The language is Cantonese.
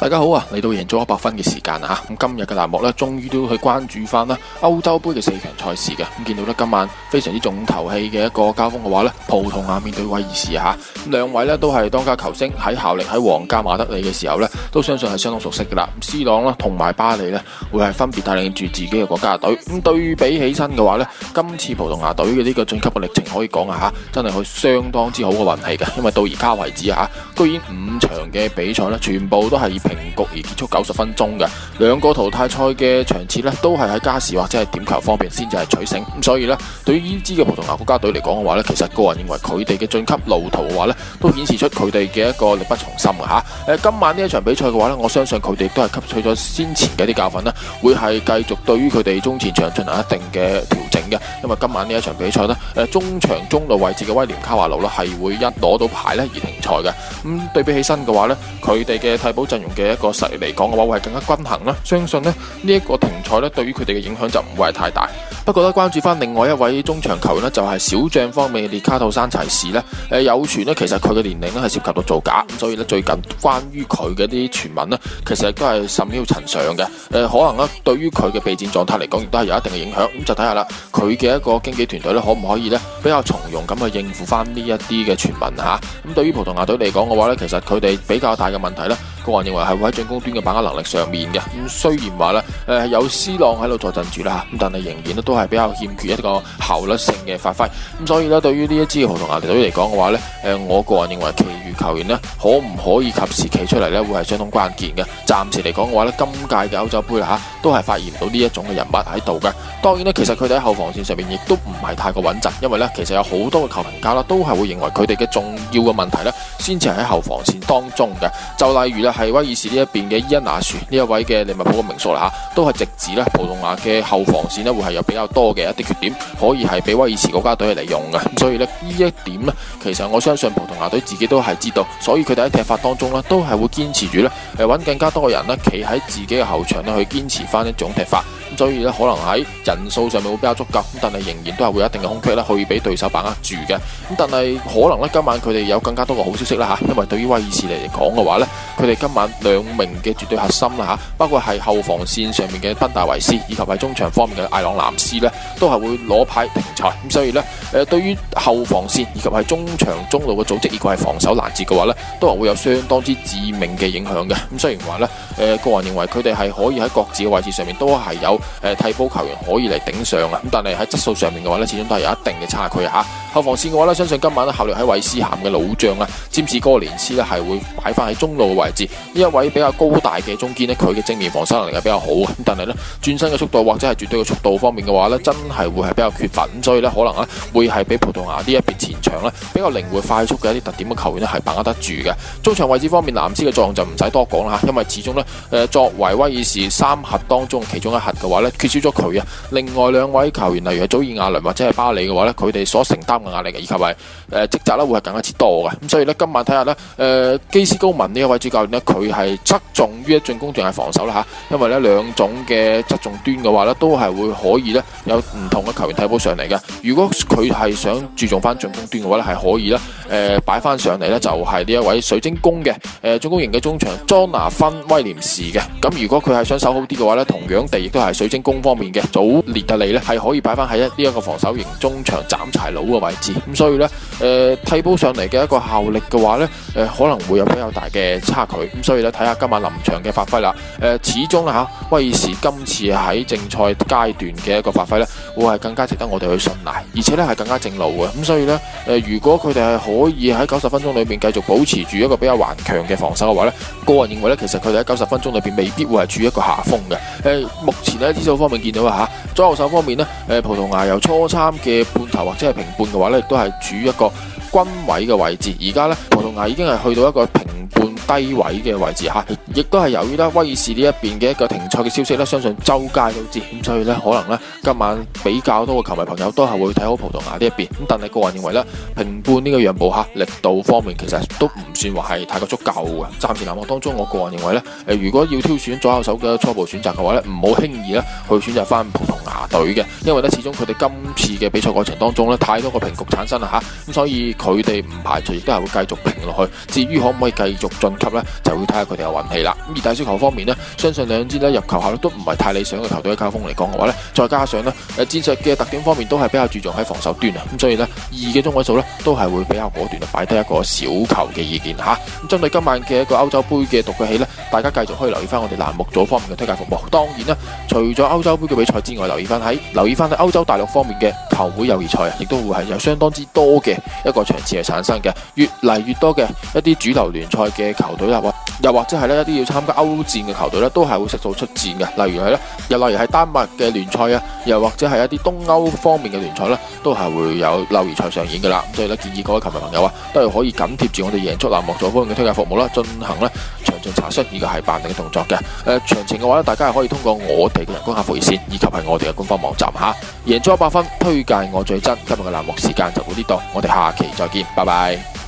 大家好啊！嚟到贏咗一百分嘅時間啊，咁今日嘅欄目咧，終於都去關注翻啦歐洲杯嘅四強賽事嘅。咁見到咧今晚非常之重頭戲嘅一個交鋒嘅話咧，葡萄牙面對威爾士啊，兩位咧都係當家球星喺效力喺皇家馬德里嘅時候咧，都相信係相當熟悉噶啦。C 朗啦同埋巴里咧會係分別帶領住自己嘅國家隊。咁對比起身嘅話咧，今次葡萄牙隊嘅呢個晉級嘅歷程可以講啊，吓真係去相當之好嘅運氣嘅，因為到而家為止啊，居然五場嘅比賽咧全部都係平局而結束九十分鐘嘅，兩個淘汰賽嘅場次呢，都係喺加時或者係點球方面先至係取勝。咁所以呢，對於呢支嘅葡萄牙國家隊嚟講嘅話呢，其實個人認為佢哋嘅晉級路途嘅話咧，都顯示出佢哋嘅一個力不從心嘅吓。誒、啊、呃，今晚呢一場比賽嘅話呢，我相信佢哋都係吸取咗先前嘅啲教訓呢，會係繼續對於佢哋中前場進行一定嘅調整。整嘅，因為今晚呢一場比賽呢，誒中場中路位置嘅威廉卡華路呢係會一攞到牌呢而停賽嘅。咁對比起身嘅話呢，佢哋嘅替補陣容嘅一個實力嚟講嘅話，會係更加均衡啦。相信咧呢一個停賽呢，對於佢哋嘅影響就唔會係太大。不過咧，關注翻另外一位中場球員呢就係、是、小將方面列卡托山齊士呢誒有傳呢，其實佢嘅年齡呢係涉及到造假，咁所以呢，最近關於佢嘅啲傳聞呢，其實都係甚囂塵上嘅，誒可能呢，對於佢嘅備戰狀態嚟講，亦都係有一定嘅影響，咁就睇下啦，佢嘅一個經紀團隊呢，可唔可以呢比較從容咁去應付翻呢一啲嘅傳聞吓，咁對於葡萄牙隊嚟講嘅話呢，其實佢哋比較大嘅問題呢。個人認為係會喺進攻端嘅把握能力上面嘅，咁雖然話咧，誒、呃、有 C 朗喺度坐鎮住啦吓，咁但係仍然都係比較欠缺一個效率性嘅發揮，咁所以咧對於呢一支葡萄牙球隊嚟講嘅話咧，誒、呃、我個人認為其餘球員呢，可唔可以及時企出嚟咧，會係相當關鍵嘅。暫時嚟講嘅話咧，今屆嘅歐洲杯啦吓、啊，都係發現唔到呢一種嘅人物喺度嘅。當然咧，其實佢哋喺後防線上面亦都唔係太過穩陣，因為咧其實有好多嘅球評家啦，都係會認為佢哋嘅重要嘅問題咧，先至係喺後防線當中嘅，就例如啦。係威爾士呢一邊嘅伊恩拿殊呢一位嘅利物浦嘅名宿啦吓，都係直指咧，葡萄牙嘅後防線咧會係有比較多嘅一啲缺點，可以係俾威爾士國家隊嚟用嘅。所以咧呢一點呢，其實我相信葡萄牙隊自己都係知道，所以佢哋喺踢法當中呢，都係會堅持住呢，誒揾更加多人咧企喺自己嘅後場咧去堅持翻一種踢法。咁所以呢，可能喺人數上面會比較足夠，但係仍然都係會有一定嘅空隙，咧去俾對手把握住嘅。咁但係可能呢，今晚佢哋有更加多嘅好消息啦吓，因為對於威爾士嚟講嘅話呢，佢哋今晚兩名嘅絕對核心啦嚇，包括係後防線上面嘅賓大維斯，以及係中場方面嘅艾朗藍斯呢都係會攞牌停賽。咁所以呢，誒對於後防線以及係中場中路嘅組織，如果係防守攔截嘅話呢都係會有相當之致命嘅影響嘅。咁雖然話呢，誒、呃、個人認為佢哋係可以喺各自嘅位置上面都係有誒、呃、替補球員可以嚟頂上啊。咁但係喺質素上面嘅話呢，始終都係有一定嘅差距嚇。後防線嘅話咧，相信今晚咧效力喺韋斯咸嘅老將啊，詹士哥連斯咧係會擺翻喺中路嘅位置。呢一位比較高大嘅中堅咧，佢嘅正面防守能力係比較好嘅，但係咧轉身嘅速度或者係絕對嘅速度方面嘅話咧，真係會係比較缺乏。咁所以咧可能咧會係俾葡萄牙呢一邊前場咧比較靈活快速嘅一啲特點嘅球員咧係把握得住嘅。中場位置方面，藍斯嘅作用就唔使多講啦吓，因為始終咧誒作為威爾士三核當中其中一核嘅話咧，缺少咗佢啊。另外兩位球員例如係祖爾亞倫或者係巴里嘅話咧，佢哋所承擔壓力嘅，以及係誒職責咧會係更加之多嘅，咁所以咧今晚睇下咧，誒基斯高文呢一位主教練呢，佢係側重於一進攻定係防守啦吓，因為咧兩種嘅側重端嘅話咧，都係會可以咧有唔同嘅球員替補上嚟嘅。如果佢係想注重翻進攻端嘅話咧，係可以咧。誒，擺翻、呃、上嚟咧就係呢一位水晶宮嘅，誒、呃，進攻型嘅中場，莊拿芬威廉士嘅。咁如果佢係想守好啲嘅話咧，同樣地亦都係水晶宮方面嘅，早列特利咧係可以擺翻喺呢一個防守型中場斬柴佬嘅位置。咁所以咧，誒、呃，替補上嚟嘅一個效力嘅話咧，誒、呃，可能會有比較大嘅差距。咁所以咧，睇下今晚臨場嘅發揮啦。誒、呃，始終啊吓，威爾士今次喺正賽階段嘅一個發揮咧。會係更加值得我哋去信賴，而且咧係更加正路嘅。咁所以咧，誒，如果佢哋係可以喺九十分鐘裏面繼續保持住一個比較頑強嘅防守嘅話咧，個人認為咧，其實佢哋喺九十分鐘裏邊未必會係處於一個下風嘅。誒、呃，目前咧指數方面見到啊，吓，左手方面咧，誒、啊，葡萄牙由初參嘅半球或者係平半嘅話咧，亦都係處於一個均位嘅位置，而家咧葡萄牙已經係去到一個平低位嘅位置吓，亦都係由於咧，威爾士呢一邊嘅一個停賽嘅消息咧，相信周街都知，咁所以咧，可能咧今晚比較多嘅球迷朋友都係會睇好葡萄牙呢一邊咁，但係個人認為咧，平半呢個讓步吓，力度方面其實都唔算話係太過足夠嘅。暫時南澳當中，我個人認為咧，誒，如果要挑選左右手嘅初步選擇嘅話咧，唔好輕易咧去選擇翻葡萄牙隊嘅，因為咧始終佢哋今次嘅比賽過程當中咧太多個平局產生啦吓。咁所以佢哋唔排除亦都係會繼續平落去，至於可唔可以繼續進。咧就會睇下佢哋有運氣啦。咁而大小球方面呢，相信兩支咧入球率都唔係太理想嘅球隊嘅交鋒嚟講嘅話呢，再加上咧誒戰術嘅特點方面都係比較注重喺防守端啊。咁所以呢，二嘅中位數呢都係會比較果斷啊，擺低一個小球嘅意見吓，咁、啊、針對今晚嘅一個歐洲杯嘅獨腳戲呢，大家繼續可以留意翻我哋欄目組方面嘅推介服務。當然啦，除咗歐洲杯嘅比賽之外，留意翻喺留意翻喺歐洲大陸方面嘅球會友誼賽啊，亦都會係有相當之多嘅一個場次嚟產生嘅，越嚟越多嘅一啲主流聯賽嘅球。球隊啦，又或者係咧一啲要參加歐戰嘅球隊呢都係會食到出戰嘅。例如係咧，又例如喺丹麥嘅聯賽啊，又或者係一啲東歐方面嘅聯賽呢都係會有撈魚賽上演噶啦。咁所以呢，建議各位球迷朋友啊，都係可以緊貼住我哋贏足欄目組方嘅推介服務啦，進行呢詳盡查詢以及係辦定嘅動作嘅。誒，詳情嘅話咧，大家係可以通過我哋嘅人工客服熱線，以及係我哋嘅官方網站吓。贏足一百分推介我最真，今日嘅欄目時間就到呢度，我哋下期再見，拜拜。